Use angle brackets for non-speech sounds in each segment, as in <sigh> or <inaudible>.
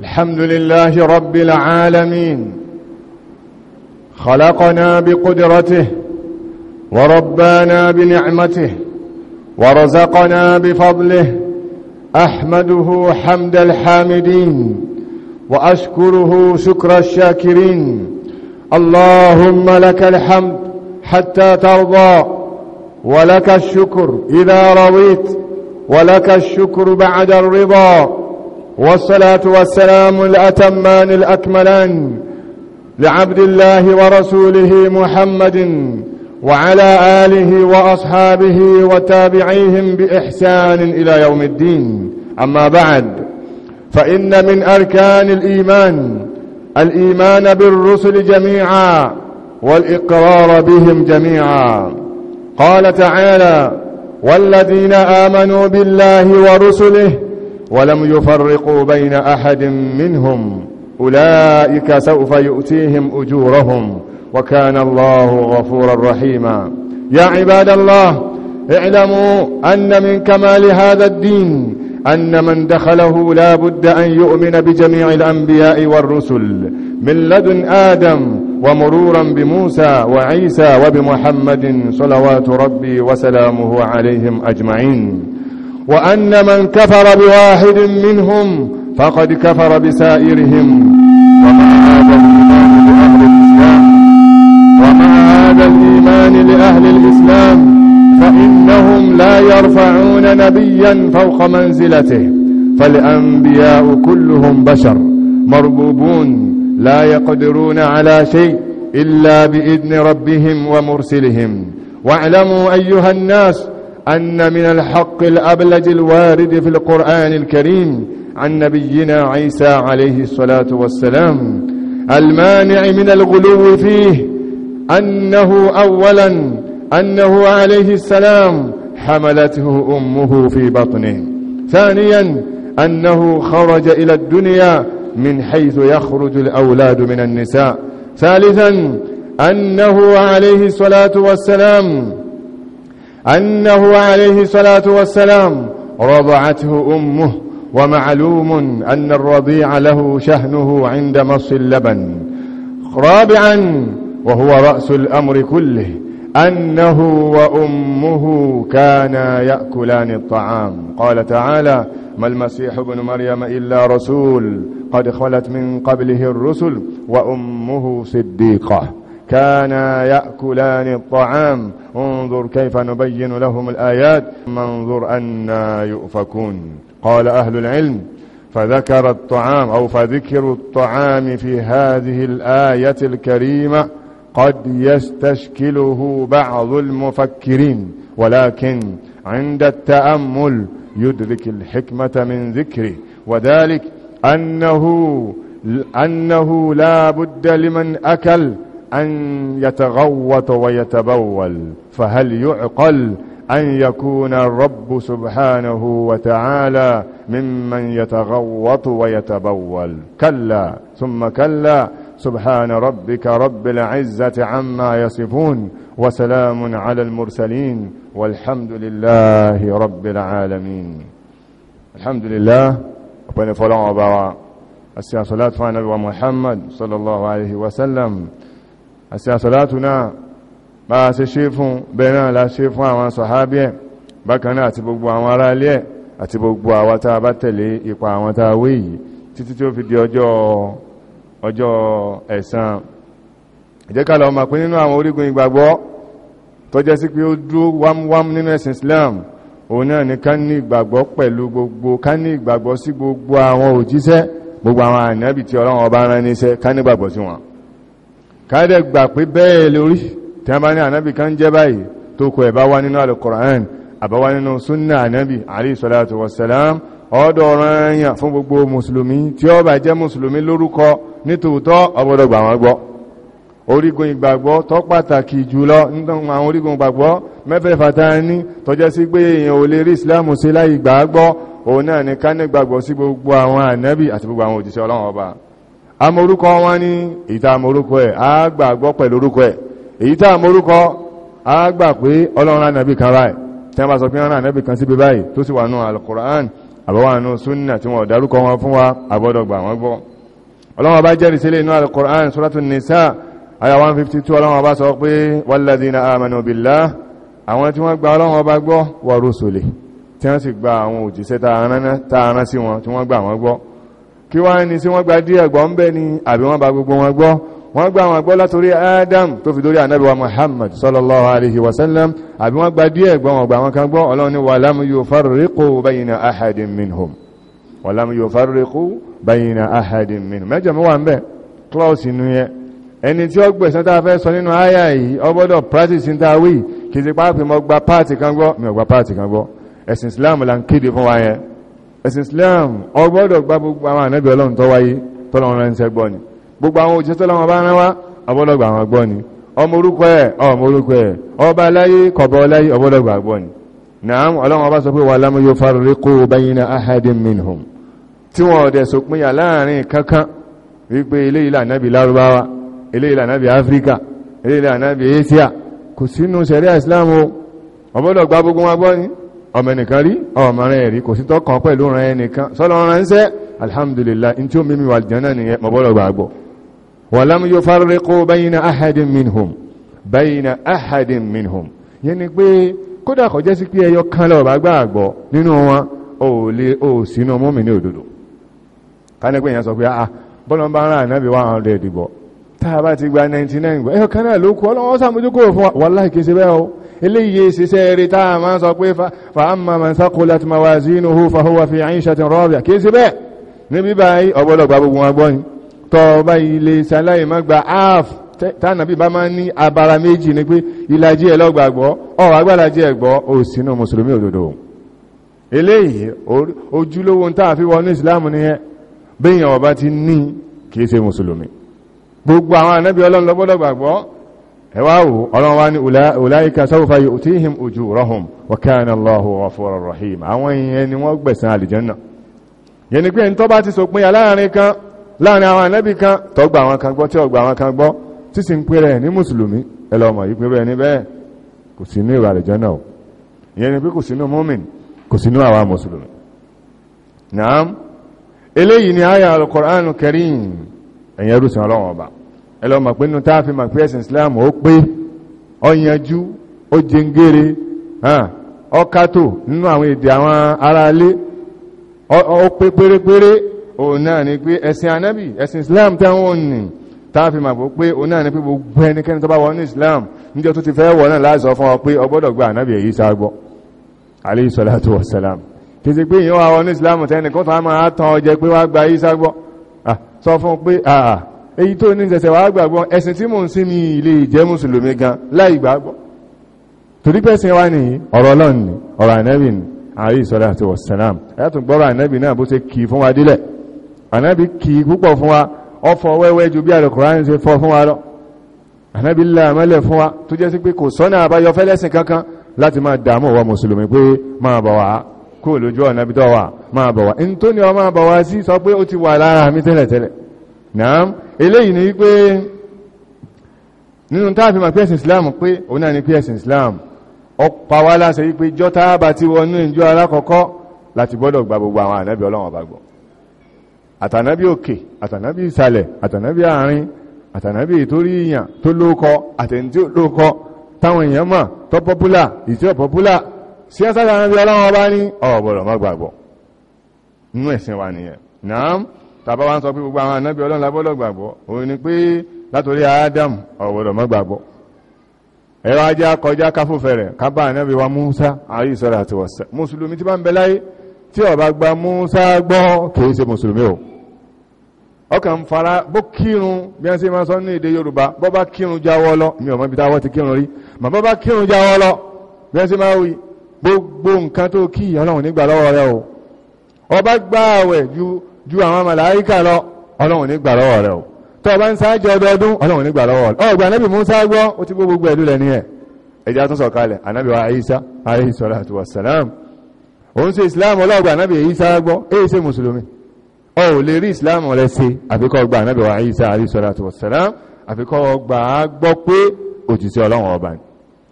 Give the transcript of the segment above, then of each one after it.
الحمد لله رب العالمين خلقنا بقدرته وربانا بنعمته ورزقنا بفضله أحمده حمد الحامدين وأشكره شكر الشاكرين اللهم لك الحمد حتى ترضى ولك الشكر إذا رضيت ولك الشكر بعد الرضا والصلاة والسلام الأتمان الأكملان لعبد الله ورسوله محمد وعلى آله وأصحابه وتابعيهم بإحسان إلى يوم الدين أما بعد فإن من أركان الإيمان الإيمان بالرسل جميعا والإقرار بهم جميعا قال تعالى والذين آمنوا بالله ورسله ولم يفرقوا بين أحد منهم أولئك سوف يؤتيهم أجورهم وكان الله غفورا رحيما يا عباد الله اعلموا أن من كمال هذا الدين أن من دخله لا بد أن يؤمن بجميع الأنبياء والرسل من لدن آدم ومرورا بموسى وعيسى وبمحمد صلوات ربي وسلامه عليهم أجمعين وأن من كفر بواحد منهم فقد كفر بسائرهم وما هذا الإيمان لأهل الإسلام وما هذا الإيمان لأهل الإسلام فإنهم لا يرفعون نبيا فوق منزلته فالأنبياء كلهم بشر مربوبون لا يقدرون على شيء إلا بإذن ربهم ومرسلهم واعلموا أيها الناس أن من الحق الأبلج الوارد في القرآن الكريم عن نبينا عيسى عليه الصلاة والسلام المانع من الغلو فيه أنه أولا أنه عليه السلام حملته أمه في بطنه ثانيا أنه خرج إلى الدنيا من حيث يخرج الأولاد من النساء ثالثا أنه عليه الصلاة والسلام أنه عليه الصلاة والسلام رضعته أمه ومعلوم أن الرضيع له شهنه عند مص اللبن رابعا وهو رأس الأمر كله أنه وأمه كانا يأكلان الطعام قال تعالى ما المسيح ابن مريم إلا رسول قد خلت من قبله الرسل وأمه صديقة كانا يأكلان الطعام انظر كيف نبين لهم الآيات منظر أنا يؤفكون قال أهل العلم فذكر الطعام أو فذكر الطعام في هذه الآية الكريمة قد يستشكله بعض المفكرين ولكن عند التأمل يدرك الحكمة من ذكره وذلك أنه, أنه لا بد لمن أكل أن يتغوط ويتبول فهل يعقل أن يكون الرب سبحانه وتعالى ممن يتغوط ويتبول كلا ثم كلا سبحان ربك رب العزة عما يصفون وسلام على المرسلين والحمد لله رب العالمين الحمد لله وبنفلان وبراء السياسة لا محمد صلى الله عليه وسلم àti àsọ̀látù náà bá a ṣe ṣe fún bẹ́ẹ̀ náà la ṣe fún àwọn sọ̀hábí ẹ̀ bákan náà àti gbogbo àwọn ará ilé ẹ̀ àti gbogbo àwa tá a bá tẹ̀lé ipa àwọn tá a wé yìí títí tí ó fi di ọjọ́ ọjọ́ ẹ̀san ìjẹ́ ká nínú àwọn orígun ìgbàgbọ́ tó jẹ́ sí pé ó dúró wámúwámú nínú Islam òun náà ni ká ní ìgbàgbọ́ pẹ̀lú gbogbo ká ní ìgbàgbọ́ sí gbogbo àwọn òjíṣẹ́ gbogbo àwọn ànábì tí káàdẹ̀ gbà pé bẹ́ẹ̀ lórí tí a bá ní ànábì kan jẹ́ báyìí tó kọ ẹ̀bá wá nínú alukọ̀rán àbáwá nínú súnà ànábì alayhi salatu wassalam ọ̀dọ̀ ọ̀ranyàn fún gbogbo mùsùlùmí tí ó bá jẹ́ mùsùlùmí lórúkọ nítòótọ́ ó gbọ́dọ̀ gbà wọ́n gbọ́ orígun ìgbàgbọ́ tó pàtàkì jùlọ nínú àwọn orígun ìgbàgbọ́ mẹ́fẹ̀ẹ̀fà tá ní tọ́jẹ́ sí pé èèyàn ò lè rí ìsìláàmù sí láì gbàgbọ́ òun náà ní ká ní gbàgbọ́ sí gbogbo amorúkọ wọn ní ìta amorúkọ ẹ̀ a gbà gbọ́ pẹ̀lú orúkọ ẹ̀ èyí tá amorúkọ a gbà pé ọlọ́run ànàbì kan ráì tí a bá sọ pé ọ̀rán ànàbì kan síbi báyìí tó sì wà nù alukoran àbọ̀wànú súnà tí wọ́n dárúkọ wọn fún wa àbọ́dọ̀gbà wọn gbọ́ ọlọ́run bá jẹ́rìí sílẹ̀ inú nisa aya 152 ọlọ́run bá sọ pé walladhina amanu billah àwọn tí wọ́n gba ọlọ́run ọba gbọ́ wa rusuli tí wọ́n sì gba àwọn òjíṣẹ́ tá a rán sí wọn tí wọ́n gbà wọn gbọ́ kí wá ní sí wọ́n gba díẹ̀ gbọ́ ń bẹ́ ni àbí wọ́n bá gbogbo wọn gbọ́ wọ́n gba wọn gbọ́ látorí Adam tó fi dórí ànábì wa Muhammad sallallahu alaihi wasallam àbí wọ́n gba díẹ̀ gbọ́ wọn gbà wọn kan gbọ́ Ọlọ́run ni walam yufarriqu bayna ahadin minhum walam yufarriqu bayna ahadin minhum mẹ́jọ mọ́ wà ń bẹ́ klọ́ọ̀sì inú ẹ̀sìn Islam ọgbọ́dọ̀ gba gbogbo àwọn ànábì Ọlọ́run tó wáyé tọ́lọ́run ránṣẹ́ gbọ́ ni gbogbo àwọn òṣìṣẹ́ tọ́lọ́run bá rán wá ọgbọ́dọ̀ gba àwọn gbọ́ ni ọmọ orúkọ ẹ̀ ọmọ orúkọ ẹ̀ ọba láyé kọba ọláyé ọgbọ́dọ̀ gba gbọ́ ni naam Ọlọ́run ọba sọ pé wà lámú yóò farriqu bayna ahadin minhum tí wọ́n ọ̀dẹ̀ sòpinya láàrin kankan ọmọ ẹnìkan rí ọmọ rẹ̀ rí kò sí tọ́kàn pẹ̀lú rẹ̀ ẹnìkan sọ́lọ́ ránṣẹ́ alhamdulillah in tí ó mímí wà jẹ́nà nìyẹn mọ̀bọ́lọ̀ gbàgbọ́ walam yufarriqu bayna ahadin minhum bayna ahadin minhum yẹn ni pé kódà kò jẹ́ sí pé ẹyọ kan lọ bá gbàgbọ́ nínú wọn ò lè ò sínú mọ́mì ní ah, òdodo eléyìí ṣiṣẹ́ rí tá a máa sọ pé fàámà man saqulat mawazinuhu fahuwa fi 'ishatin radiya kìí sí bẹ́ẹ̀ níbi báyìí ọ̀bọ̀lọ̀gbà gbogbo wọn gbọ́yìn tọ́ ọba ilé ṣaláì má gba áàf tánàbí bá máa ní abara méjì ni pé ìlàjì ẹ̀ lọ́gbàgbọ́ ọ̀ agbálàjì ẹ̀ gbọ́ òsínú mùsùlùmí òdodo eléyìí ojúlówó tá a fi wọnú ìsìláàmù nìyẹn béèyàn gbogbo àwọn ànábì ọlọ́run lọ́gbọ́dọ̀ ẹwàwò ọlọ́run wá ní ulaika sawfa yu'tihim ujurahum wa kana Allahu ghafuran rahim àwọn èèyàn ni wọ́n gbẹ̀san àlìjẹ́nà yẹni pé ní tó bá ti sòpin aláàrin kan láàrin àwọn ànábì kan tó gba àwọn kan gbọ́ tí ó gba àwọn kan gbọ́ tí sì ń ẹ̀yẹrù sí ọlọ́run ọba ẹlọ mọ̀ pé nínú tá a fi mọ̀ pé ẹ̀sìn Islam ó pé ọ̀yanjú ó jẹngere ọkàtò nínú àwọn èdè àwọn aráalé ó pé pérépéré òun ni pé ẹ̀sìn anábì ẹ̀sìn Islam táwọn nì tá a fi mọ̀ pé òun náà ni pé gbogbo ẹnikẹ́ni tó bá wọ ní Islam níjọ́ tó ti fẹ́ wọ náà láìsọ fún ọ pé o gbọ́dọ̀ gba anábì èyí sáàgbọ́ alayhi salatu wassalam kìí ṣe pé ìyẹn wà wọ ní Islam tẹ́nìkan tó a máa tán ọjẹ́ pé wá sọ fún pé àà èyí tó ní ṣẹ̀ṣẹ̀ wàá gbàgbọ́ ẹ̀sìn tí mò ń sí mi ilé ìjẹ́ mùsùlùmí gan láì gbàgbọ́ torí pẹ́sìn wá ní ọ̀rọ̀ ọlọ́run ni ọ̀rọ̀ ànẹ́bì ni àrí ìsọ́lá àti wọ̀sánàm ẹ̀yàtùn gbọ́rọ̀ ànẹ́bì náà bó ṣe kì í fún wa délẹ̀ ànẹ́bì kì í púpọ̀ fún wa ọfọ wẹ́wẹ́ ju bí àlùkùránì wa lọ ànẹ́bì láàmẹ́lẹ̀ fún wa wa mùsùlùmí pé máa bọ̀ wá kó lójú ọ̀nà bí náà eléyìí ni wípé nínú táàfin ma pẹ́sìn islam pé òun náà ni pẹ́sìn islam ọpa wá láṣẹ wípé jọ táàbà ti wọnú ìjọ alákọ̀ọ́kọ́ láti gbọ́dọ̀ gba gbogbo àwọn ànábì ọlọ́wọ̀n bá gbọ́ àtànábì òkè àtànábì ìsàlẹ̀ àtànábì àárín àtànábì ìtorí ìyàn tó lóókọ àtẹ̀ntí lóókọ táwọn èèyàn mọ̀ tó pọ́púlà ẹ̀sìn wa nìyẹn náà tàbá wá ń sọ pé gbogbo àwọn ànábì ọlọ́run lábọ́lọ̀ gbàgbọ́ òun ni pé látòrí Ádámù ọ̀wọ̀dọ̀ mọ́ gbàgbọ́ ẹ̀rọ ajá kọjá káfòfẹ̀rẹ̀ kábà ànábì wa Músá alayhi salatu wassalam mùsùlùmí tí bá ń bẹ láyé tí ó bá gba Músá gbọ́ kìí ṣe mùsùlùmí o ọkàn fara bó kírun bí wọ́n ṣe máa sọ ní èdè Yorùbá bọ́ bá kírun jáwọ́ lọ mi ò mọ̀ bí táwọ́ ti kírun rí mà bọ́ bá kírun jáwọ́ lọ bí wọ́n ṣe máa wí gbogbo nǹkan tó kí ọlọ́run nígbà lọ́wọ́ rẹ o ọba gbá àwẹ̀ ju ju àwọn màláíkà lọ ọlọ́run ní gbà lọ́wọ́ rẹ̀ o tó bá ń sáájọ ọdọọdún ọlọ́run ní gbà lọ́wọ́ rẹ̀ ọgbà anábì Musa gbọ́ ó ti gbogbo ẹ̀lú lẹ́ni ẹ̀ ẹjá tún sọ̀kalẹ̀ anábì wa Isa alayhi salatu wassalam òun ṣe Islam ọlọ́gbà anábì Isa gbọ́ èyí ṣe mùsùlùmí ọ ò lè rí Islam rẹ̀ ṣe àfikọ́ gba anábì wa Isa alayhi salatu wassalam àfikọ́ gbà á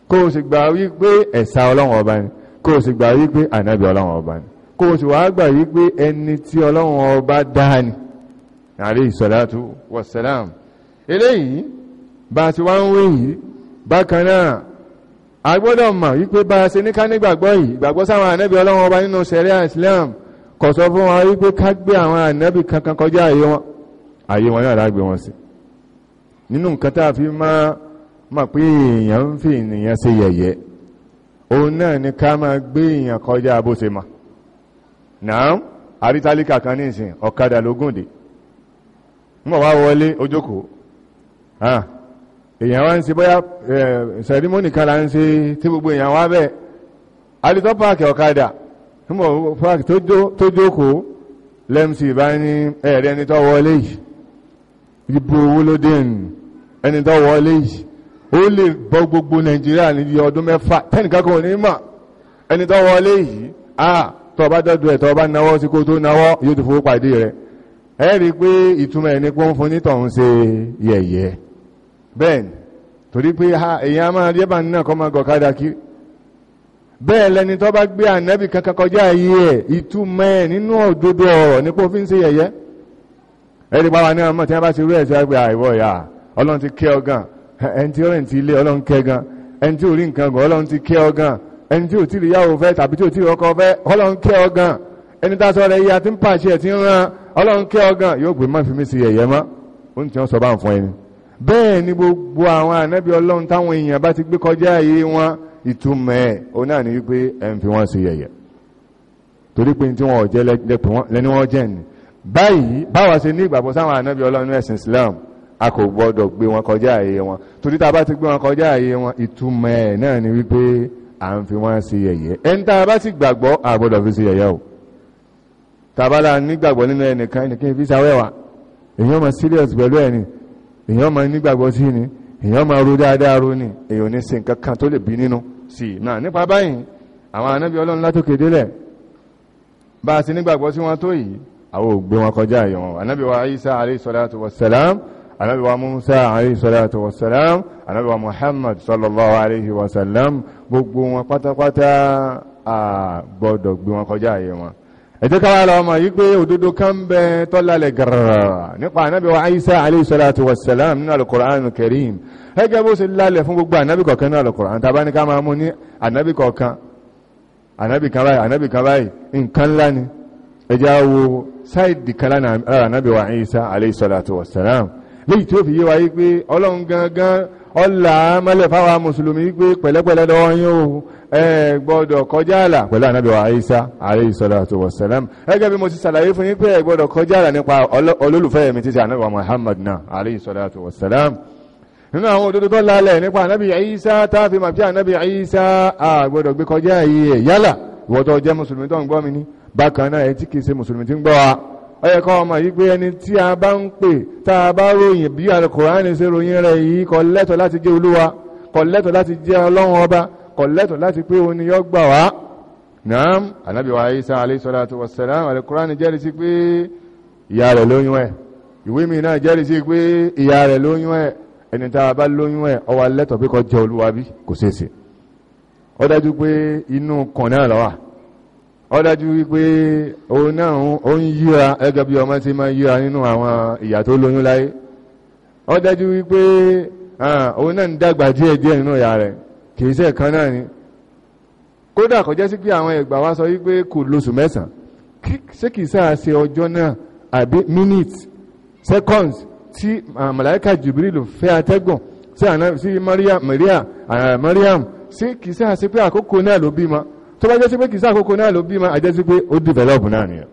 kó o sì gbà wí ẹ̀sà ọlọ́run ọba ni kó o sì gbà wí pé anábì ọba ni kó o sì wá gbà yí pé ẹni tí ọlọ́run ọba dáa ni alayhi salatu wassalam eléyìí bá ti wá ń wé yìí bákan náà a gbọ́dọ̀ mọ̀ wípé bá a ṣe ní ká nígbàgbọ́ yìí ìgbàgbọ́ sáwọn ànábì ọlọ́run ọba nínú sẹ̀ríà Islam kò sọ fún wa wípé ká gbé àwọn ànábì kankan kọjá àyè wọn àyè wọn náà lágbé wọn sí nínú nǹkan tá a fi máa mọ̀ pé èèyàn ń fi ènìyàn ṣe yẹ̀yẹ́ òun náà ni ká máa gbé èèyàn kọjá bó ṣe mọ̀ náà àrítálíkà kan ní ìsìn ọ̀kadà lógúndé mọ̀ wá wọlé ojókòó èyàn wá ń ṣe bóyá sẹ̀rímónì kan là ń ṣe tí gbogbo èyàn wá bẹ́ẹ̀ alítọ́ páàkì ọ̀kadà mọ̀ páàkì tó jókòó lẹ́msì bá ní ẹ̀rẹ́ ẹni tó wọlé yìí ibo owó ló dé nù ẹni tó wọlé yìí ó lè bọ́ gbogbo Nàìjíríà níbi ọdún mẹ́fà tẹ́nìkan kò ní mọ̀ ẹni tó wọlé yìí ah, tó bá dọ́dọ̀ ẹ̀ tó bá náwọ́ sí kó tó náwọ́ yóò ti fowó pàdé rẹ̀ yeye. rí pé ìtumọ̀ ẹ̀ ní fún nítọ̀hún ṣe yẹ̀yẹ́ bẹ́ẹ̀ torí pé lẹni tó bá gbé kankan kọjá ayé ẹ̀ ìtumọ̀ ẹ̀ nínú òdodo ọ̀rọ̀ ní ṣe yẹ̀yẹ́ ọmọ tí wọ́n bá ti rú ẹni tí ò tí ì yáwó fẹ́ tàbí tí ò tí ì ọkọ fẹ́ ọlọ́run kẹ́ ọ gan ẹni tá a sọ rẹ̀ yíya tí ń pàṣẹ tí ń ran ọlọ́run kẹ́ ọ gan yóò gbé má fi mí sí ẹ̀yẹ mọ́ ó ń tí wọ́n sọ bá ń fún ẹni. bẹ́ẹ̀ ni gbogbo àwọn ànábì ọlọ́run táwọn èèyàn bá ti gbé kọjá ayé wọn ìtumọ̀ ẹ̀ ó náà ní wípé ẹ̀ ń fi wọ́n sí ẹ̀yẹ torí pé tí wọn ò jẹ́ lẹ́ni wọ́n jẹ́ ni báyìí báwa ṣe ní ìgbàgbọ́ sáwọn ànábì ọlọ́run ẹ̀sìn Islam a kò gbọ́dọ̀ gbé wọn kọjá ayé wọn torí tá a bá ti gbé wọn kọjá ayé wọn ìtumọ̀ ẹ̀ náà ni wípé à ń fi wọ́n sí yẹ̀yẹ́ ẹni tá a bá sì gbàgbọ́ àgbọ́dọ̀ fi sí yẹ̀yẹ́ o tàbálà nígbàgbọ́ nínú ẹnìkan ẹnìkan fi sáwẹ́wà èyàn máa serious pẹ̀lú ẹni èyàn máa nígbàgbọ́ sí ni èyàn máa ro dáadáa ro ni èyàn ní ṣe nǹkan kan tó lè bí nínú sí i náà nípa báyìí àwọn anábì ọlọ́run látòkè délẹ̀ bá a sì nígbàgbọ́ sí wọn tó yìí àwọn ò gbé wọn kọjá ìyọ̀wọ̀n anábì wa Isa alayhi salatu wassalam ànábì wa Musa alayhi salatu wa salam ànábì wa Muhammad sallallahu alayhi wa salam gbogbo wọn pátápátá a gbọ́dọ̀ gbé wọn kọjá ayé wọn ẹ jẹ́ ká wá lọ ọmọ yìí pé òdodo kan bẹ tọ́lálẹ̀ gàrà nípa ànábì wa Isa alayhi salatu wa salam nínú alukur'an karim ẹgẹ́ bó ṣe lálẹ̀ fún gbogbo ànábì kọ̀ọ̀kan nínú alukur'an tàbá ní ká máa mú ní ànábì kọ̀ọ̀kan ànábì kan báyìí ànábì kan báyìí nǹkan ńlá ni ẹ jẹ́ sáìdì kan lánàá ànábì wa alayhi salatu wa salam léyìí tí ó fi yé wa yí pé ọlọ́run gangan ọlà mọ́lẹ̀ fáwa mùsùlùmí pé pẹ̀lẹ́pẹ̀lẹ́ lọ́wọ́ yín o ẹ gbọ́dọ̀ kọjá àlà pẹ̀lú ànábì wa Isa alayhi salatu wassalam ẹgẹ́ bí mo ti ṣàlàyé fún yín pé ẹ gbọ́dọ̀ kọjá àlà nípa olólùfẹ́ mi títí ànábì wa Muhammad náà alayhi salatu wassalam nínú àwọn òdodo tó lálẹ̀ nípa ànábì Isa tá a fi mà pé ànábì Isa a gbọ́dọ̀ gbé kọjá yìí yálà ìwọ jẹ́ mùsùlùmí tó ń gbọ́ mi ní bákan náà ẹ tí kìí ṣe mùsùlùmí tí ń gbọ́ wa ọyẹ kọ́ ọmọ yìí pé ẹni tí a bá ń pè tá a bá ròyìn bí alukùránì ṣe ròyìn rẹ̀ yìí kò lẹ́tọ̀ọ́ láti jẹ́ olúwa kò lẹ́tọ̀ọ́ láti jẹ́ ọlọ́run ọba kò lẹ́tọ̀ọ́ láti pé òun ni yọ́ gbà wá naam anabi wa isa alayhi salatu wassalam alukùránì jẹ́rìí sí pé ìyá rẹ̀ lóyún ẹ̀ ìwé mi náà jẹ́rìí sí pé ìyá rẹ̀ lóyún ẹ̀ ẹni tá a bá lóyún ẹ̀ ó wà lẹ́tọ̀ọ́ pé kó jẹ́ olúwa bí kò ṣeéṣe ó dájú pé inú kan náà ló ó dájú wípé òun náà ó ń yíra ẹgẹ́ bí ọmọ tí máa yíra nínú àwọn ìyá tó lóyún láyé ó dájú wípé òun náà ń dàgbà díẹ̀ díẹ̀ nínú ìyá rẹ̀ kìí ṣe kan náà ni kódà kò jẹ́ sí pé àwọn ìgbà wá sọ wípé kò lóṣù mẹ́sàn ṣé kìí sáà ṣe ọjọ́ náà àbí minutes seconds tí màláíkà Jubril fẹ́ atẹ́gùn sí Maria Maria Mariam sí kìí sáà ṣe pé àkókò náà ló bímọ tó bá jẹ́ sí pé kìí sákòókò náà ló bímọ àjẹ́ sí pé ó develop náà nìyàn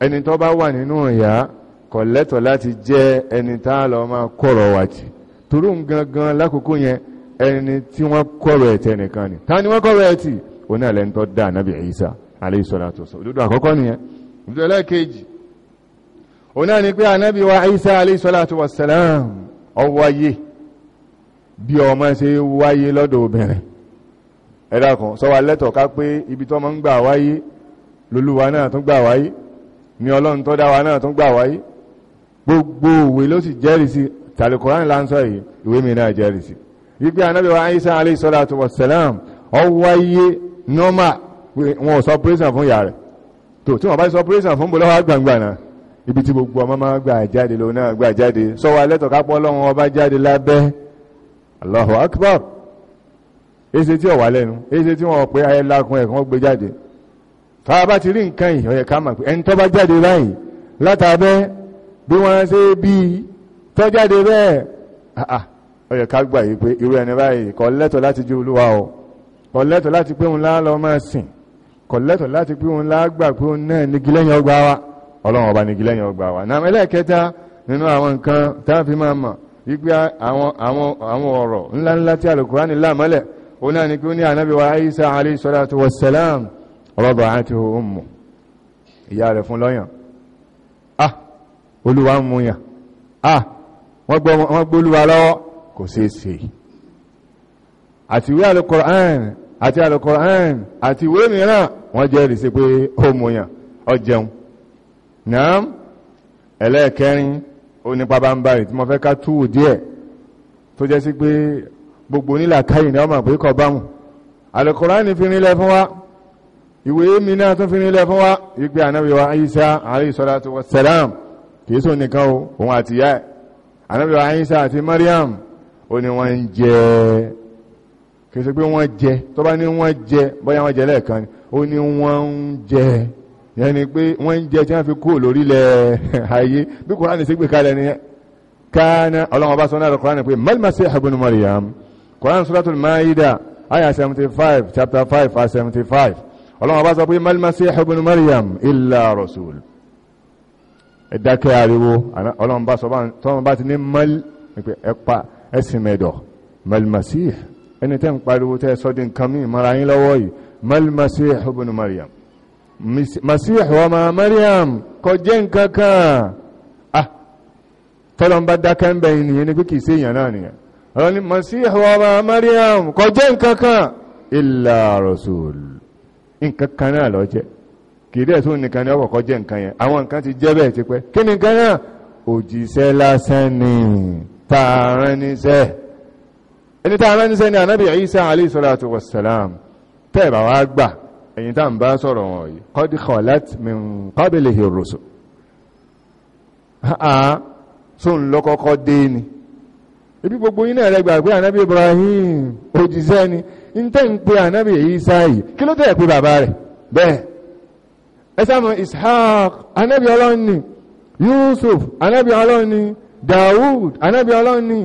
ẹni tó bá wà nínú ìyá kò lẹ́tọ̀ láti jẹ́ ẹni tá lọ máa kọ̀rọ̀ wà tì torú gangan lákòókò yẹn ẹni tí wọ́n kọ̀rọ̀ ẹ̀tẹ̀ nìkan ni ta ni wọ́n kọ̀rọ̀ ẹ̀tì òun náà lẹ́ni tó dá ànábì salatu wassalam òdodo àkọ́kọ́ nìyẹn òdodo ẹlẹ́ẹ̀kejì òun wa Ìsá alayhi salatu wassalam ó wáyé bí ọmọ ṣe wáyé lọ́dọ̀ ẹ̀dá kan sọ wa lẹ́tọ̀ ká pé ibi tó máa ń gbà wáyé lolúwa náà tún gbà wáyé ni ọlọ́run tó dá wa náà tún gbà wáyé gbogbo òwe ló sì jẹ́rìí sí tàlùkùránì yìí ìwé mi náà jẹ́rìí wípé anábì wa Isa alayhi salatu wa salam ọ wáyé nọ́mà wọn ò sọ pírẹ́sàn fún ìyá rẹ̀ tó tí wọ́n bá sọ pírẹ́sàn fún bọ́lọ́wọ́ gbàngbà náà ibi tí gbogbo ọmọ máa gbà jáde lòun náà gbà jáde sọ wa ká pọ́ ọlọ́run ọba jáde lábẹ́ Allahu akbar èsè tí ọ̀wà lẹ́nu èsè tí wọ́n pé ayé lákun ẹ̀kan gbé jáde fàábá ti rí nǹkan yìí ó yẹ ká mọ̀ pé ẹni tó bá jáde báyìí látàbẹ́ bí wọ́n ṣe bí tó jáde bẹ́ẹ̀ ó yẹ ká gbà yìí pé irú ẹni báyìí kò lẹ́tọ̀ láti ju olúwa o kò lẹ́tọ̀ láti pé òun lá lọ máa sìn kò lẹ́tọ̀ láti pé òun lá gbà pé òun náà nígi lẹ́yìn ọgbà wa ọlọ́run ọba nígi lẹ́yìn ọgbà wa náà ẹlẹ́ẹ̀kẹta nínú àwọn nǹkan tá a fi máa mọ̀ wípé àwọn ọ̀rọ̀ òun náà ni kí ó ní ànábì wa Isa alayhi salatu wassalam rada'atuhu ummu ìyá rẹ̀ fún lọ́yàn ah olúwa ń múyàn ah wọ́n gbólúwa lọ́wọ́ kò sí sí àti ìwé al-Qur'an àti al-Qur'an àti ìwé mìíràn wọ́n jẹ́rìí sí pé ó múyàn ó jẹun náà ẹlẹ́ẹ̀kẹrin ó nípa bá ń báyìí tí mo fẹ́ ká túwò díẹ̀ tó jẹ́ sí pé gbogbo nílà káyìn ní ọmọ pé kọ bá mù alukurani fi rinlẹ̀ fún wa ìwé mi náà tún fi rinlẹ̀ fún wa wípé ànábì wa Isa alayhi salatu wassalam kìí sọ nìkan o òun àti ìyá ẹ̀ ànábì wa àti Mariam ó ní wọ́n ń jẹ kìí sọ pé wọ́n jẹ tó bá ní jẹ bóyá wọ́n jẹ lẹ́ẹ̀kan ni ó ní wọ́n ń jẹ yẹn ni pé wọ́n ń jẹ tí wọ́n fi kúrò lórílẹ̀ <laughs> ayé bí kùránì sí gbé kalẹ̀ nìyẹn káná ọlọ́wọ́n bá sọ náà lọ kùránì pé mal-Masih Maryam Quran Suratul Maida aya 75 chapter 5 verse 75 ọlọ́wọ́n bá sọ pé mal masih ibn Maryam illa rasul ẹ̀dákẹ́ ariwo ọlọ́wọ́n bá sọ tọ́wọ́n bá ti ní mal ẹ̀pa ẹ̀sìn mẹ́dọ̀ mal masih ẹni tẹ́ ń pariwo tẹ́ sọ́dí nǹkan mí mara yín lọ́wọ́ yìí mal masih ibn Maryam masih ọmọ Maryam kò jẹ́ nǹkan ah tọ́lọ́n bá dákẹ́ ń bẹ̀yìn nìyẹn ni pé kìí sí èèyàn náà nìyẹn ọ̀rọ̀ ni Masihu ọmọ Maryam kò jẹ́ nkankan illa rasul nkankan náà ló jẹ́ kìdẹ́ tó nìkan ní ọkọ̀ kò jẹ́ nkan yẹn àwọn nkan ti jẹ́ bẹ́ẹ̀ ti pẹ́ kí ni nkan náà òjíṣẹ́ lásán ni tààrán níṣẹ́ ẹni tààrán níṣẹ́ ni anábì Isa alayhi salatu lọ́kọ́kọ́ dé ni ibi gbogbo yín náà rẹ gbà pé anabi Ibrahim òjìṣẹ́ ni n tẹ́ ń pe anabi Isa yìí kí ló tẹ̀ pé bàbá rẹ̀ bẹ́ẹ̀ ẹ sáà mọ̀ Ishaq anabi Ọlọ́run ni Yusuf anabi Ọlọ́run ni Dawud anabi Ọlọ́run ni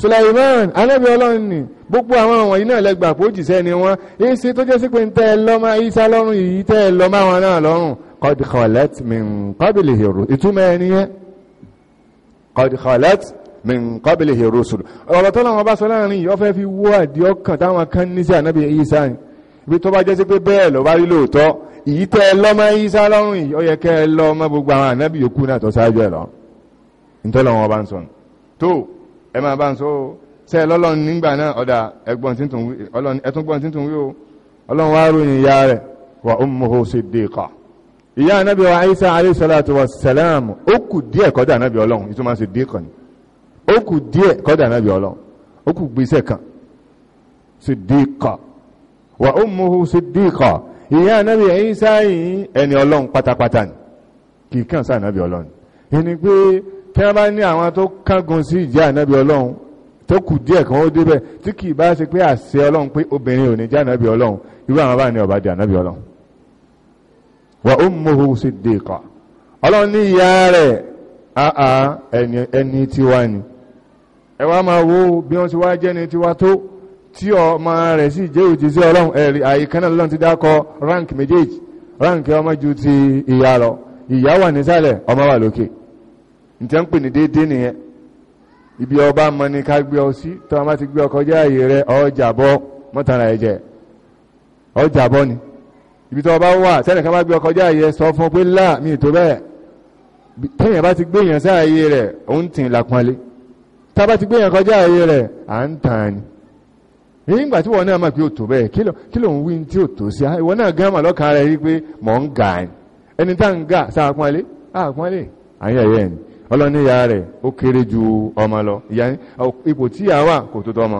Sulaiman anabi Ọlọ́run ni gbogbo àwọn àwọn yìí náà lẹ́gbà pé òjìṣẹ́ ni wọ́n èsì tó jẹ́ sí pé ń tẹ́ ẹ lọ́mọ Isa lọ́rùn yìí tẹ́ ẹ lọ́mọ àwọn náà lọ́rùn qad khalat min min qablihi rusul ọ̀rọ̀ tó làwọn bá sọ láàrin yìí ó fẹ́ fi wó àdí ọkàn táwọn kan ní sí ànábì Ìsá ni ibi tó bá jẹ́ sí pé bẹ́ẹ̀ lọ bá rí lóòótọ́ èyí tẹ́ ẹ lọ́mọ Ìsá lọ́rùn yìí ó yẹ kẹ́ ẹ lọ́mọ gbogbo àwọn ànábì yòókù náà tó ṣáájú ẹ lọ nítorí wọn bá ń sọ tó ẹ máa bá ń sọ sẹ́ lọ́lọ́run nígbà náà ọ̀dà ẹgbọ́n tuntun wí ọlọ́run wá ròyìn ìyá rẹ̀ ó ọlọ́run ìtumọ̀ ó kù díẹ̀ kọ́dà ànábì ọlọ́run ó kù gbèsè kan sídìkà wà ó mú sídìkà ìyá ànábì ẹ̀yìn sáyìn ẹni ọlọ́run pátápátá ni kì í kàn sáà ànábì ọlọ́run ẹni pé tí wọ́n bá ní àwọn tó kángun sí ìjẹ́ ànábì ọlọ́run tó kù díẹ̀ kan ó débẹ̀ tí kì í bá ṣe pé àṣẹ ọlọ́run pé obìnrin ò ní jẹ́ ànábì ọlọ́run irú àwọn bá ní ọba di ànábì ọlọ́run wà ó mú sídìkà ọlọ́run ní ìyá rẹ̀ ẹni tí wá ni ẹ wá máa wo bí wọ́n ti wá jẹ́ni tiwa tó tí ọmọ rẹ̀ sì jẹ́ òjíṣẹ́ ọlọ́run ẹ̀rí àyíká náà ti dákọ rank méjèèjì rank ọmọ ju ti ìyá lọ ìyá wà nísàlẹ̀ ọmọ wà lókè ǹtẹ́ ń pè ní déédéé nìyẹn ibi ọba mọ ni ká gbé ọ sí tó ọmọ ti gbé ọkọ jẹ́ àyè rẹ ọjà bọ́ mọ́tara ẹ̀jẹ̀ ọjà bọ́ ni ibi tó ọba wà sẹ́nì kan bá gbé ọkọ jẹ́ àyè sọ fún pé láà mi tó bẹ́ẹ̀ tẹ́yìn bá ti gbé èèyàn sáàyè rẹ̀ òun tì lápọ́nlé tába ti gbéyàn kọjá ààyè rẹ̀ à ń tàn ni nígbà tí wọn náà mọ̀ pé ó tó bẹ́ẹ̀ kí ló ń wí tí ó tó sí ah, ìwọ náà gán mà lọ́kàn rẹ̀ rí pé mọ̀ ń gà ni ẹni tá ń gà sáà pọ́nlé àpọ́nlé àyẹ̀yẹ̀ ni ọlọ́ni ìyá rẹ̀ ó kéré ju ọmọ lọ ipò tí ìyá wà kò tó tọmọ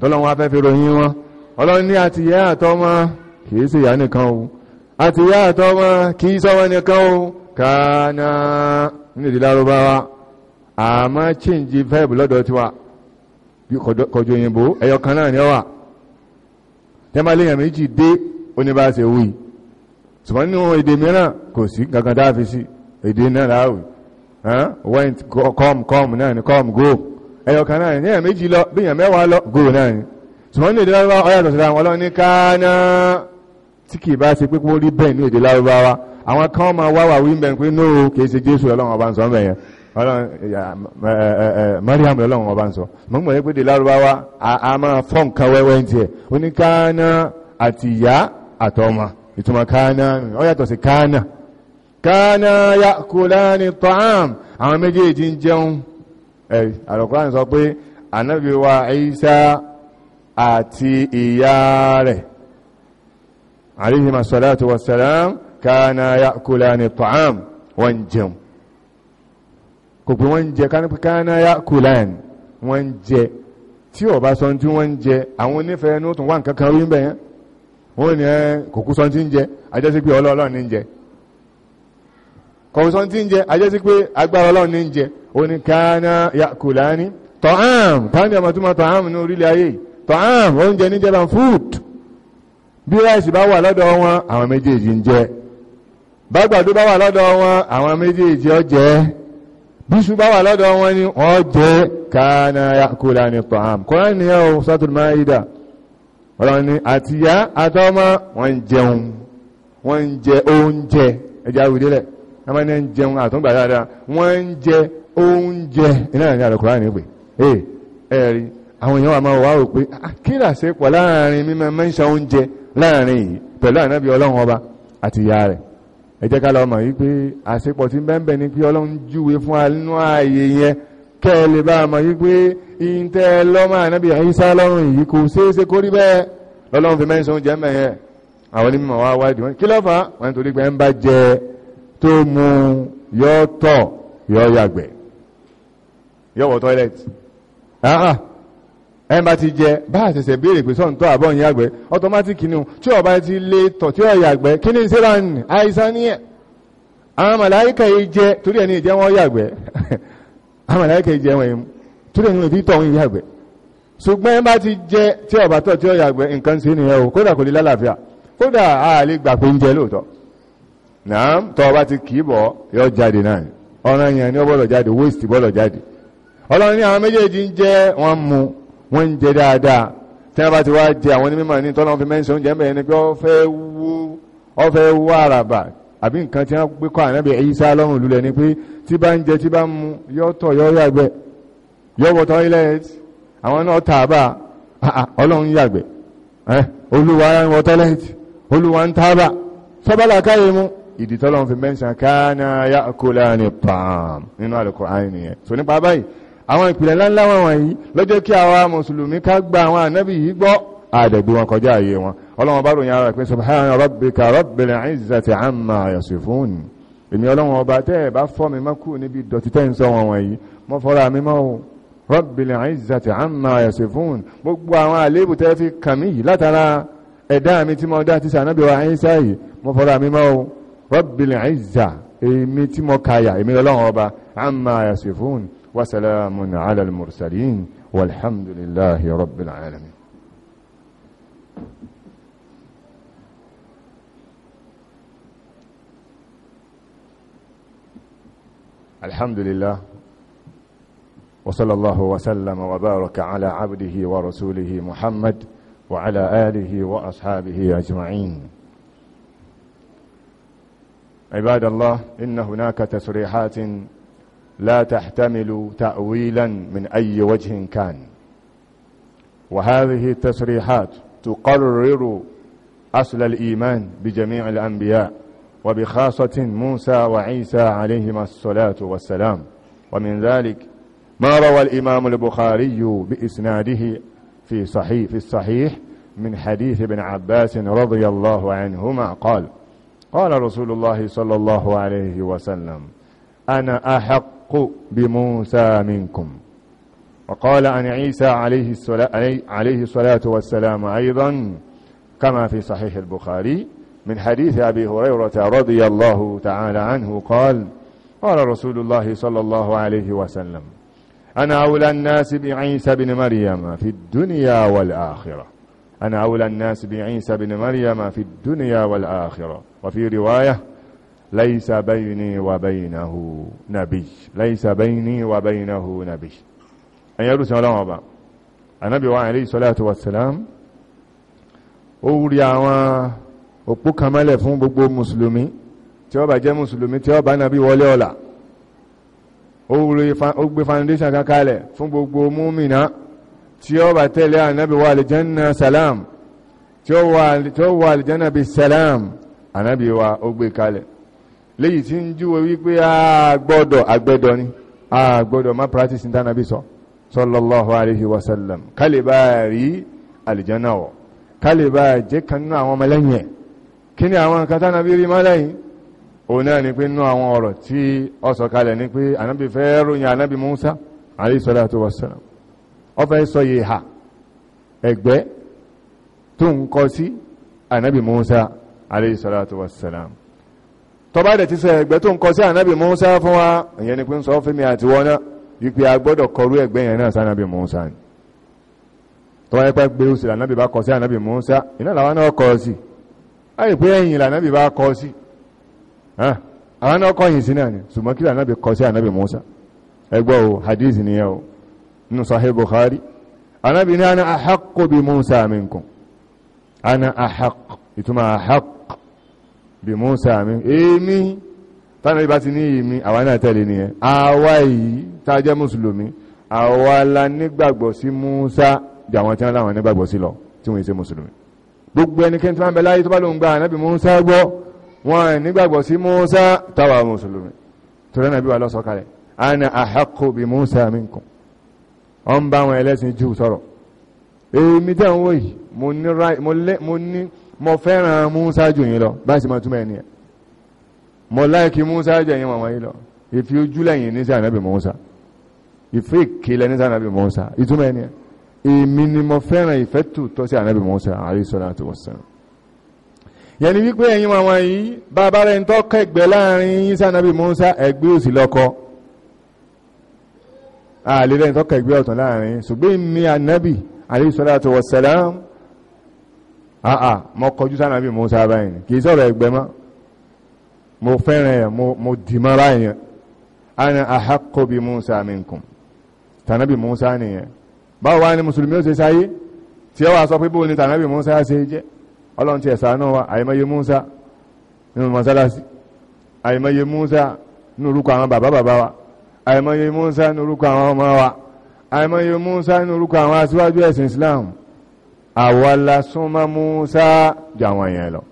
tọ́lọ́wọ́n afẹ́fẹ́ ròyìn wọn ọlọ́ni àti ìyá àtọmọ kìí sí ìyá nìkan o àti ìyá àtọmọ kìí sọ́wọ́ nìkan o kàánà nílùú lárúbáwá àmọ́ chíǹjì fẹ́ẹ̀bù lọ́dọ̀ tiwa kọjú òyìnbó ẹ̀yọ kan náà ni ọ wà tẹ́mà léèyàn méjì dé oníbàṣẹ wí ṣùgbọ́n nínú èdè mìíràn kò sí gangan dáàfi sí èdè náà láàwì went come come náà ni come go ẹ̀yọ kan náà ni èèyàn méjì lọ bí èèyàn mẹ́wàá lọ go náà ni ṣùgbọ́n ní èdè lárúbáwá ọ̀yà tọ̀sí àwọn ọlọ́ni káná tí kì í bá ṣe pé kó rí bẹ́ẹ̀ ní èdè lárúbáwá àwọn kan máa wá wà wí mariam lọ́lọ́run ọba ń sọ mọ́ mọ̀ pé lárúbáwá a máa fọ́ nǹkan wẹ́wẹ́ ń tiẹ̀ oníkáánà àti ìyá àtọmọ ìtumọ̀ káánà ó yàtọ̀ sí káánà káánà ya kùlánì tọ́ám àwọn méjèèjì ń jẹun ẹ̀rì àlọ́kùnrin sọ pé ànábì wa Ìsá àti ìyá rẹ̀ alayhima salatu wassalam káánà ya kùlánì tọ́ám wọ́n jẹun kò pé wọ́n ń jẹ kánáyà kùláìn wọ́n ń jẹ tí ọba sọ tí wọ́n ń jẹ àwọn onífẹ̀ẹ́ ní ó tún wà nǹkan kan rí ń bẹ̀ yẹn wọ́n ní kò kú sọ tí ń jẹ ajẹ́sí pé ọlọ́ọ̀lọ́ ní ń jẹ kò sọ tí ń jẹ ajẹ́sí pé agbára ọlọ́ọ̀ ní ń jẹ ó ní kánáyà kùláìn tọ́ám tọ́ám ní ọmọ tó máa tọ́ám ní orílẹ̀ ayé tọ́ám oúnjẹ ní jẹba bá ń jẹ bíṣù bá wà lọ́dọ̀ wọn ni wọ́n jẹ́ káàna yàkúlà ní tọ́hàm kọ́rán ni yàwó sátùl máìdá ọ̀rọ̀ ni àti ya àtọ́mọ́ wọ́n jẹun wọ́n jẹ oúnjẹ ẹjá wìdílẹ̀ ẹmọ́ ní jẹun àtúngbà dáadáa wọ́n jẹ oúnjẹ iná ní àlùkùrán ní pé ẹ̀rí àwọn èèyàn wà máa wá rò pé ah, kílà sí pọ̀ láàrin mímọ́ mẹ́ṣà oúnjẹ láàrin yìí pẹ̀lú ẹ jẹ́ ká lọ mọ̀ yí pé àṣepọ̀ tí bẹ́ẹ̀ ni pé ọlọ́run júwe fún alínú ààyè yẹn kẹ́ ẹ lè bá mọ̀ yí pé ìǹtẹ́ lọ́mọ ànábì àyíṣà lọ́rùn yìí kò ṣeéṣe kó rí bẹ́ẹ̀ lọ́lọ́run fi mẹ́sàn oúnjẹ mẹ́ yẹn àwọn onímọ̀ wá wádìí wọn kí ló fà wọn torí pé ń bá jẹ tó mu yọ tọ̀ yọ yàgbẹ́ yọ̀wọ̀ toilet ẹ̀ bá ti jẹ bá àṣẹṣẹ béèrè pé sọ́ǹtọ́ àbọ̀ yín àgbẹ̀ ọtọmátìkì ni tí ọba ti lé tọ̀ tí ọ̀yà àgbẹ̀ kí ni ìṣẹ́ra ní àìsàn ní ẹ̀ àwọn màláìkà yìí jẹ torí ẹni ìjẹ́ wọn yàgbẹ́ <laughs> àwọn màláìkà yìí jẹ wọn yìí torí ẹni ìfi tọ̀ wọn yàgbẹ́ ṣùgbọ́n ẹ bá ti jẹ tí ọba tọ̀ tí ọ̀yà àgbẹ̀ nǹkan ṣe nìyẹn o kódà kò lè lálàáfíà kódà ni ó bọ́lọ̀ waste bọ́lọ̀ jáde ọlọ́run ní àwọn méjèèjì wọ́n ń jẹ dáadáa tí wọ́n bá ti wá jẹ àwọn onímọ̀ ní tọ́lọ́ fi mẹ́sàn oúnjẹ mẹ́rin ni pé ọ fẹ́ wú àràbà àbí nǹkan tí wọ́n gbé kọ́ ànábì Ìsá lọ́rùn lulẹ̀ ni pé tí bá ń jẹ tí bá ń mu yọ́ tọ̀ yọ́ yàgbẹ́ toilet àwọn náà tà bá ọlọ́run yàgbẹ́ olúwa ń wọ toilet olúwa ń tà bá sọ́bálà káyé mu ìdí tọ́lọ́run fi mẹ́sàn káà náà yà kó láàrin pàm nínú àlùkò àìníyẹn so nípa báyìí àwọn ìpìlẹ̀ ńláńlá wọn wọ̀nyí ló jẹ́ kí àwa mùsùlùmí ká gba àwọn ànábì yìí gbọ́ àdẹ̀gbé wọn kọjá àyè wọn ọlọ́wọ́n bá ròyìn ara pé subhana rabbika rabbil izzati amma yasifun èmi ọlọ́wọ́n ọba tẹ́ ẹ̀ bá fọ́ mi mọ́kù níbi dọ̀tí tẹ́ ń sọ wọn wọ̀nyí mọ́ fọ́ra mi mọ́ rabbil izzati amma yasifun gbogbo àwọn àléébù tẹ́ fi kàn mí yìí látara ẹ̀dá mi tí mo dá ti kàyà èmi ọba amma yasifun وسلام على المرسلين والحمد لله رب العالمين الحمد لله وصلى الله وسلم وبارك على عبده ورسوله محمد وعلى آله وأصحابه أجمعين عباد الله إن هناك تسريحات لا تحتمل تأويلا من أي وجه كان وهذه التصريحات تقرر أصل الإيمان بجميع الأنبياء وبخاصة موسى وعيسى عليهما الصلاة والسلام ومن ذلك ما روى الإمام البخاري بإسناده في صحيح في الصحيح من حديث ابن عباس رضي الله عنهما قال قال رسول الله صلى الله عليه وسلم أنا أحق الحق بموسى منكم وقال عن عيسى عليه الصلاة, عليه الصلاة والسلام أيضا كما في صحيح البخاري من حديث أبي هريرة رضي الله تعالى عنه قال قال رسول الله صلى الله عليه وسلم أنا أولى الناس بعيسى بن مريم في الدنيا والآخرة أنا أولى الناس بعيسى بن مريم في الدنيا والآخرة وفي رواية ليس بيني وبينه نبي ليس بيني وبينه نبي أن يرسل الله أبا النبي عليه الصلاة والسلام ó rí àwọn òpó kan mẹ́lẹ̀ fún gbogbo mùsùlùmí tí ó bá jẹ́ mùsùlùmí tí ó bá nàbí wọlé ọ̀la ó gbé foundation kan kalẹ̀ fún gbogbo múmìnà tí ó bá tẹ̀lé ànábì wà àlìjánná salam tí ó wà àlìjánná bí salam ànábì wa ó gbé kalẹ̀ léyìí tí ń júwe wípé àgbọ́dọ̀ àgbẹ́dọ̀ ni àgbọ́dọ̀ má practice ní tánàbí sọ sallallahu alaihi wasallam kálíbà rí àlìjánà wọ̀ kálíbà jẹ́ kanú àwọn ọmọlẹ́yìn kí ni àwọn nǹkan tánàbí rí mọ́lẹ́yìn òun náà ni pé nú àwọn ọ̀rọ̀ tí ó sọ kalẹ̀ ni pé ànábì fẹ́ ròyìn ànábì Musa alaihi salatu wasallam ó tọ́ba dẹ̀ ti sọ ẹ̀gbẹ́ tó ń kọ sí ànábì Musa fún wa ìyẹn ni pé ń sọ fẹ́mi àti wọn náà wípé a gbọ́dọ̀ kọrú ẹ̀gbẹ́ yẹn náà sànábì Musa ni tọ́ba yẹn pẹ́ gbé oṣù lànábì bá kọ sí ànábì Musa iná làwọn náà kọ sí láì pé ẹ̀yìn lànábì bá kọ sí àwọn náà kọyìn sí náà ni ṣùgbọ́n kí lànábì kọ sí ànábì Musa ẹgbọ́ o hadith nìyẹn o nínú Sahih Bukhari ànábì ní ana ahakko bi Musa minkum ana ahakko ìtumọ̀ ahakko bí Musa mi èmi tánà ibá ti ní èmi àwa náà tẹ̀lé nìyẹn àwa yìí tá jẹ́ mùsùlùmí àwa la nígbàgbọ́ sí Musa jàwọn tí wọ́n láwọn nígbàgbọ́ sí lọ tí wọ́n ṣe mùsùlùmí gbogbo ẹnikẹ́ni tí wọ́n bẹ láyé tó bá lóun gba ànábì Musa gbọ́ wọn nígbàgbọ́ sí Musa táwa mùsùlùmí torí náà bí wà lọ́sọ̀ kalẹ̀ ana ahaqqu bí Musa minkum wọ́n bá wọn ẹlẹ́sìn Júù sọ̀rọ̀ èmi tẹ́ ń wò mo ní mo fẹ́ràn Musa jù yín lọ bá sì máa túmọ̀ ẹni ẹ̀ mo láìkí Musa jù yín wọ̀n yín lọ ìfi ojú lẹ́yìn ní sí ànábì Musa ìfẹ́ ìkélẹ̀ ní sí ànábì Musa ìtúmọ̀ ẹni ẹ̀ èmi ni mo fẹ́ràn ìfẹ́ tòótọ́ sí ànábì Musa alayhi salatu wassalam yẹn ni wípé ẹ̀yin wọn wọ̀nyí bàbá rẹ̀ ń tọ́kọ̀ ẹgbẹ́ láàrin yín sí ànábì Musa ẹgbẹ́ òsì lọ́kọ́ àlè rẹ̀ ń tọ́kọ̀ ẹgbẹ́ ọ̀tún láàrin ṣùgbọ́n mi ànábì alayhi salatu wassalam àà ah, ah, mọ kọjú sáà bí Musa báyìí ni kìí sọ̀rọ̀ ẹgbẹ́ mọ́ mo fẹ́ràn ẹ̀ mo dì mọ́ báyìí yẹn ana ahaqqu bi Musa minkum tànàbí Musa nìyẹn báwo wá ní mùsùlùmí ó ṣe sáyé tí ó wà sọ pé bóòlù tànàbí Musa ṣe jẹ́ ọlọ́run ti ẹ̀sà náà wa àìmọye Musa nínú mọ́sálásí àìmọye Musa nínú orúkọ àwọn bàbá bàbá wa àìmọye Musa nínú orúkọ àwọn ọmọ wa àìmọye Musa nínú orúkọ àwọn aṣíwájú ẹ̀sìn Islam àwọlá súnmọ́ Musa jàwọn èèyàn lọ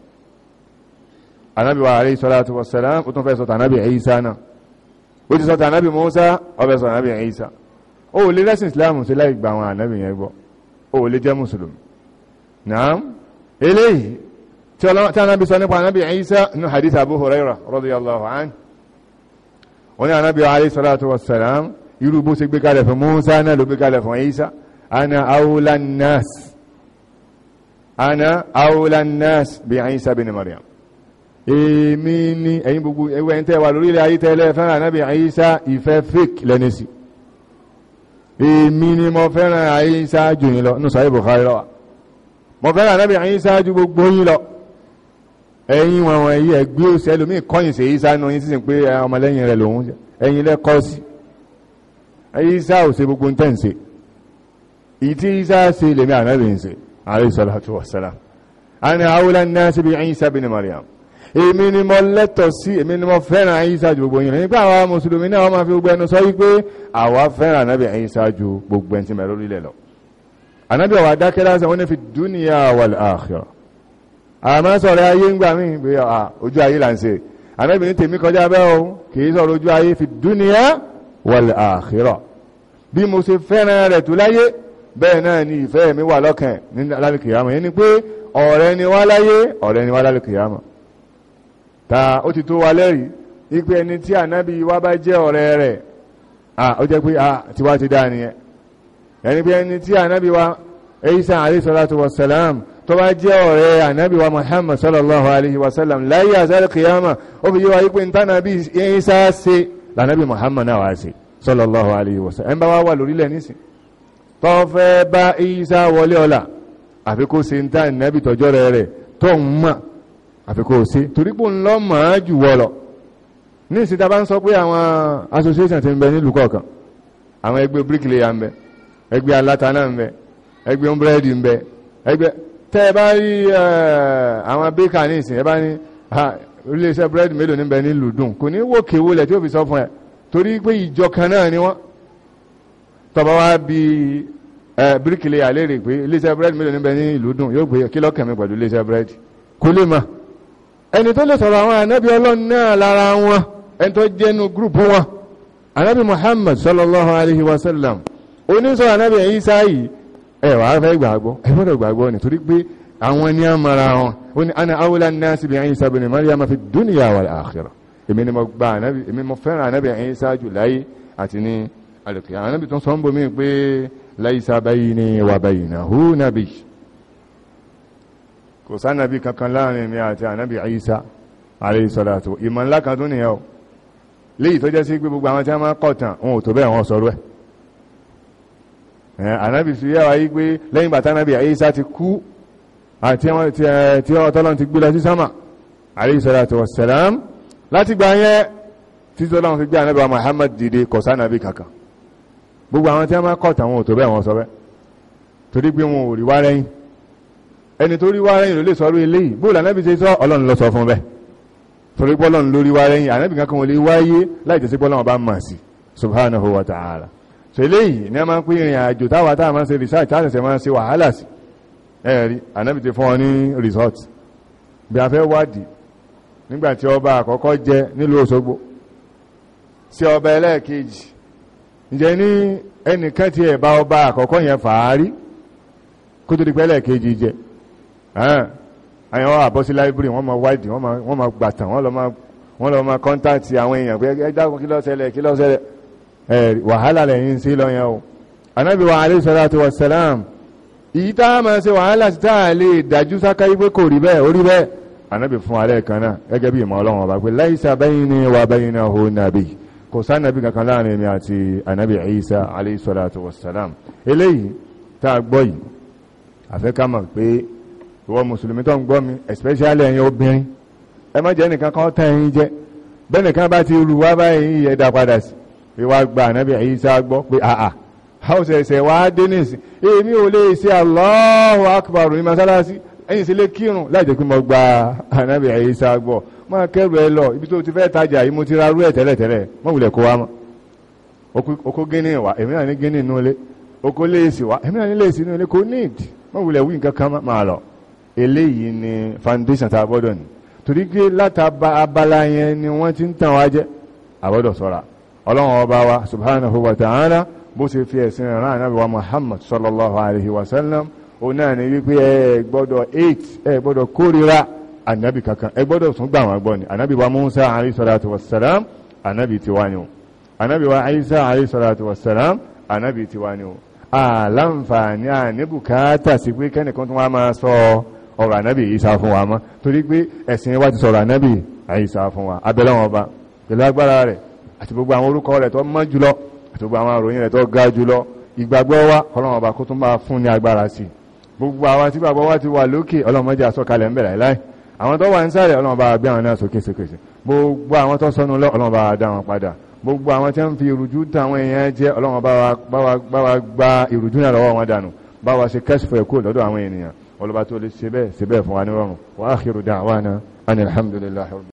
anábì wa alayhi salatu wassalam ó tún fẹ́ sọ̀tà anábì Isa náà ó ti sọ̀tà anábì Musa ó fẹ́ sọ̀tà anábì Isa ó lè lẹ́sìn Islam sí láì gba àwọn anábì yẹn gbọ́ ó lè jẹ́ mùsùlùmí náà eléyìí tí anábì sọ nípa anábì Isa ní hadith Abu Hurairah radiyallahu anhu wọ́n ní anábì wa alayhi salatu wassalam irú bó ṣe gbé kalẹ̀ fún Musa náà ló gbé kalẹ̀ fún Isa ana awla ana awla an-nas bi Isa bin Maryam èmi ni ẹ̀yin gbogbo ẹwẹ́ ń tẹ́wà lórílẹ̀ ayé tẹ́lẹ̀ fẹ́ràn ànábì Isa ìfẹ́ fake lẹ́ni sí èmi ni mo fẹ́ràn Isa jù yín lọ ní sahih Bukhari ló wà mo fẹ́ràn ànábì Isa jù gbogbo yín lọ ẹ̀yin wọn wọn yìí ẹgbẹ́ òsì ẹlòmíì kọ́yìn sí Isa nù yín sísìn pé ọmọlẹ́yìn rẹ̀ lòun ẹ̀yin lẹ́kọ́ sí Isa ò ṣe gbogbo ń ń ṣe ìtí Isa ṣe lèmi ànábì ń ṣe عليه الصلاة والسلام. أنا ani الناس بعيسى بن مريم. bin Maryam èmi ni mo lẹ́tọ̀ sí èmi ni mo fẹ́ràn Isa ju gbogbo yín nípa àwa mùsùlùmí náà wọ́n máa fi gbogbo ẹnu sọ wípé àwa fẹ́ràn ànábì Isa ju gbogbo ẹni tí mẹ́rin lórílẹ̀ lọ ànábì ọ̀wà dákẹ́ lásán wọ́n ní fi dúnìyà wal akhirah àmọ́ sọ̀rọ̀ ayé ń mí pé ojú ayé là ń ṣe ànábì ní tèmi kọjá bẹ́ẹ̀ o kì í sọ̀rọ̀ ojú ayé fi dúnìyà wal akhirah bí mo ṣe fẹ́ràn rẹ̀ tó láyé bẹ́ẹ̀ náà ni ìfẹ́ mi wà lọ́kàn ní lálùkìyàmọ̀ yẹn ni pé ọ̀rẹ́ ni wá láyé ọ̀rẹ́ ni wá lálùkìyàmọ̀ ta ó ti tó wa lẹ́rìí wípé ẹni tí ànábì wa bá jẹ́ ọ̀rẹ́ rẹ̀ à ó jẹ́ pé à ti wá ti dá nìyẹn ẹni pé ẹni tí ànábì wa Isa alayhi salatu wa salam tó bá jẹ́ ọ̀rẹ́ ànábì tó fẹ́ bá Ìsá wọlé ọ̀la àfi kó ṣe ń tá ìnábì tọjọ́ rẹ̀ rẹ̀ tó ń mọ̀ àfi kó ṣe torí mọ̀ á jù wọ ní ìsìta bá ń sọ pé àwọn association ti ń bẹ nílùú kọ̀ọ̀kan àwọn ẹgbẹ́ bricklayer ń bẹ ẹgbẹ́ alátànà ń bẹ ẹgbẹ́ ombrẹ́dì ń bẹ ẹgbẹ́ tẹ́ ẹ bá rí eh, àwọn baker ní ìsìn ẹ bá ní iléeṣẹ́ búrẹ́dì mélòó ní bẹ nílùú dùn kò ní wòkèwò lẹ̀ tí ó fi sọ fún ẹ torí pé ìjọ kan náà ni wọ́n tọba wá bí bíríkìlẹ̀ àlérè pé iléeṣẹ́ búrẹ́dì mélòó níbẹ̀ ní ìlú dùn yóò gbé kí lọ́kàn mi pẹ̀lú iléeṣẹ́ búrẹ́dì kò lè mọ̀ ẹni tó lè sọ̀rọ̀ àwọn ànábì ọlọ́run náà lára wọn ẹni tó jẹ́nu gúrùpù wọn ànábì Muhammad sallallahu alayhi wa sallam oníṣọ́ ànábì ẹ̀yìn sáàyì ẹ wàá fẹ́ gbàgbọ́ ẹ gbọ́dọ̀ gbàgbọ́ nítorí pé àwọn ní àmàrà wọn ó ní ana awla an-nasi bi Isa ibn Maryam fi dunya wal akhirah èmi ni mo gba ànábì èmi mo fẹ́ràn ànábì ẹ̀yìn sáàjù láyé àti ní alìkìyà anábì tún sọ́nbò mí pé láìsá báyìí ni wà báyìí na hú nàbì kò sánàbì kankan láàrin mi àti anábì àyíṣà àríṣọ́látò ìmọ̀ ńlá kan tún nìyẹn léyìí tó jẹ́ sí pé gbogbo àwọn tí a máa kọ̀tàn ohun tó bẹ́ẹ̀ wọn sọ̀rọ̀ ẹ̀ anábì fi yẹ́ wáyé pé lẹ́yìn bàtà anábì àyíṣà ti kú àti eh, tí ọtọ́lọ́n ti gbé lọ sí dìde kọ̀sánàbì kankan gbogbo àwọn tí wọ́n máa kọ̀tà àwọn òtò bẹ́ẹ̀ wọ́n sọ bẹ́ẹ̀ torí pé wọn ò rí wá rẹ́yìn ẹni tó rí wá rẹ́yìn ló lè sọ rí eléyìí bóòlù anábì ṣe sọ ọlọ́run lọ sọ fún bẹ́ẹ̀ torí pọ́lọ́run lórí wá rẹ́yìn anábì kankan wọn lè wáyé láì tẹ̀sí pọ́lọ́run bá mọ̀ sí subhanahu wa ta'ala so eléyìí ni a máa ń pín ìrìn àjò táwa táà máa ń ṣe research táà ṣẹ̀ṣẹ̀ máa ń ṣe wàhálà sí ẹ̀rí anábì ti fún ọ ní resort bí a fẹ́ wádìí nígbà tí ọba àkọ́kọ́ jẹ nílùú Òṣogbo sí ọba ẹlẹ́ẹ̀kejì ǹjẹ́ ní ẹnìkan tí ẹ̀ bá ọba àkọ́kọ́ yẹn fàárí kó tó di pẹ́lẹ̀ kejì jẹ àyànwó àbọ́sí láìbírì wọ́n ma wáìdì wọ́n ma gbàtàn wọ́n lọ ma kọ́ntàtì àwọn èèyàn pé ẹ dákun kí ló ṣẹlẹ̀ kí ló ṣẹlẹ̀ wàhálà lẹ́yìn sí lọ yẹn o anábì wa alẹ́ sọ́lá tó wà sẹ́lám ìyí tá a máa ṣe kò sánàbí kankan láàrin èmi àti ànábì Isa alayhi salatu wassalam eléyìí tá a gbọ́ yìí àfẹ́ká mọ̀ pé ìwọ mùsùlùmí tó ń gbọ́ mi especially ẹ̀yin obìnrin ẹ má jẹ́ nìkan kan tán ẹ̀yin jẹ́ bẹ́ẹ̀ nìkan bá ti rù wá báyìí ẹ̀dá padà sí ìwà gba ànábì Isa gbọ́ pé àà house ẹ̀sẹ̀ wá dé nìsín èmi ò lè ṣe Allahu akbar ní masalasi ẹ̀yìn sí lé kírun láì jẹ́ pé mo gba ànábì Ìsá gbọ́ máa kẹ́rù ẹ lọ ibi tó ti fẹ́ tajà yìí mo ti ra rú ẹ̀ tẹ́lẹ̀ tẹ́lẹ̀ mọ́ wulẹ̀ kó wa mọ́ oko gíní wa èmi náà ní gíní inú ilé oko léèsì wa èmi náà ní léèsì inú ilé kò níìdì mọ́ wulẹ̀ wí nǹkan kan máa lọ eléyìí ni foundation tá gbọ́dọ̀ ní torí pé látàbà abala yẹn ni wọ́n ti ń tàn wá jẹ àbọ̀dọ̀ sọ́ra ọlọ́run ọba wa subhanahu wa ta'ala bó ṣe fi ẹ̀sìn rán ànábì òun náà ni wípé ẹ gbọ́dọ̀ eight ẹ gbọ́dọ̀ kórìíra ànábì kankan ẹ gbọ́dọ̀ tún gbà wọn gbọ́ ni ànábì wa Musa alayhi salatu wassalam ànábì tiwa ni o ànábì wa Isa alayhi salatu wassalam ànábì tiwa ni o àlàǹfààní àníbùkátà sí pé kẹ́nìkan tún wá máa sọ ọ̀rọ̀ ànábì Isa fún wa mọ́ torí pé ẹ̀sìn wa ti sọ̀rọ̀ ànábì Isa fún wa abẹ́lẹ́wọ̀n ọba pẹ̀lú agbára rẹ̀ àti gbogbo àwọn orúkọ rẹ̀ tó mọ́ jùlọ àti gbogbo àwọn àròyìn rẹ̀ tó ga jùlọ ìgbàgbọ́ wa ọlọ́run ọba kó tún máa fún ní agbára sí i gbogbo àwa tí bàbá wa ti wà lókè ọlọ́mọdé àsọkalẹ̀ ń bẹ̀rẹ̀ láì àwọn tó wà ń sáré ọlọ́mọba gbé àwọn náà sókè sókèsè gbogbo àwọn tó sọnù lọ ọlọ́mọba dá wọn padà gbogbo àwọn tí wọ́n fi ìrújú táwọn èèyàn jẹ́ ọlọ́mọba bá wa gba ìrújú náà lọ́wọ́ wọn dànù bá wa ṣe kẹ́sìfọ̀